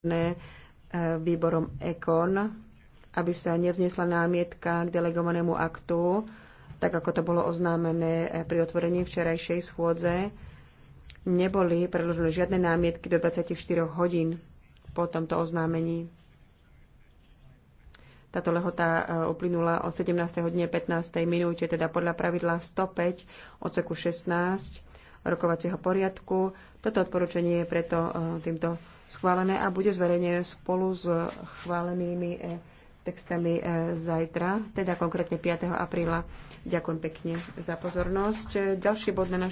schválené eh, výborom EKON, aby sa nevznesla námietka k delegovanému aktu, tak ako to bolo oznámené eh, pri otvorení včerajšej schôdze. Neboli predložené žiadne námietky do 24 hodín po tomto oznámení. Táto lehota eh, uplynula o 17. hodine 15. minúte, teda podľa pravidla 105 odseku 16 rokovacieho poriadku. Toto odporúčanie je preto e, týmto schválené a bude zverejnené spolu s chválenými e, textami e, zajtra, teda konkrétne 5. apríla. Ďakujem pekne za pozornosť. Ďalší bod na naš-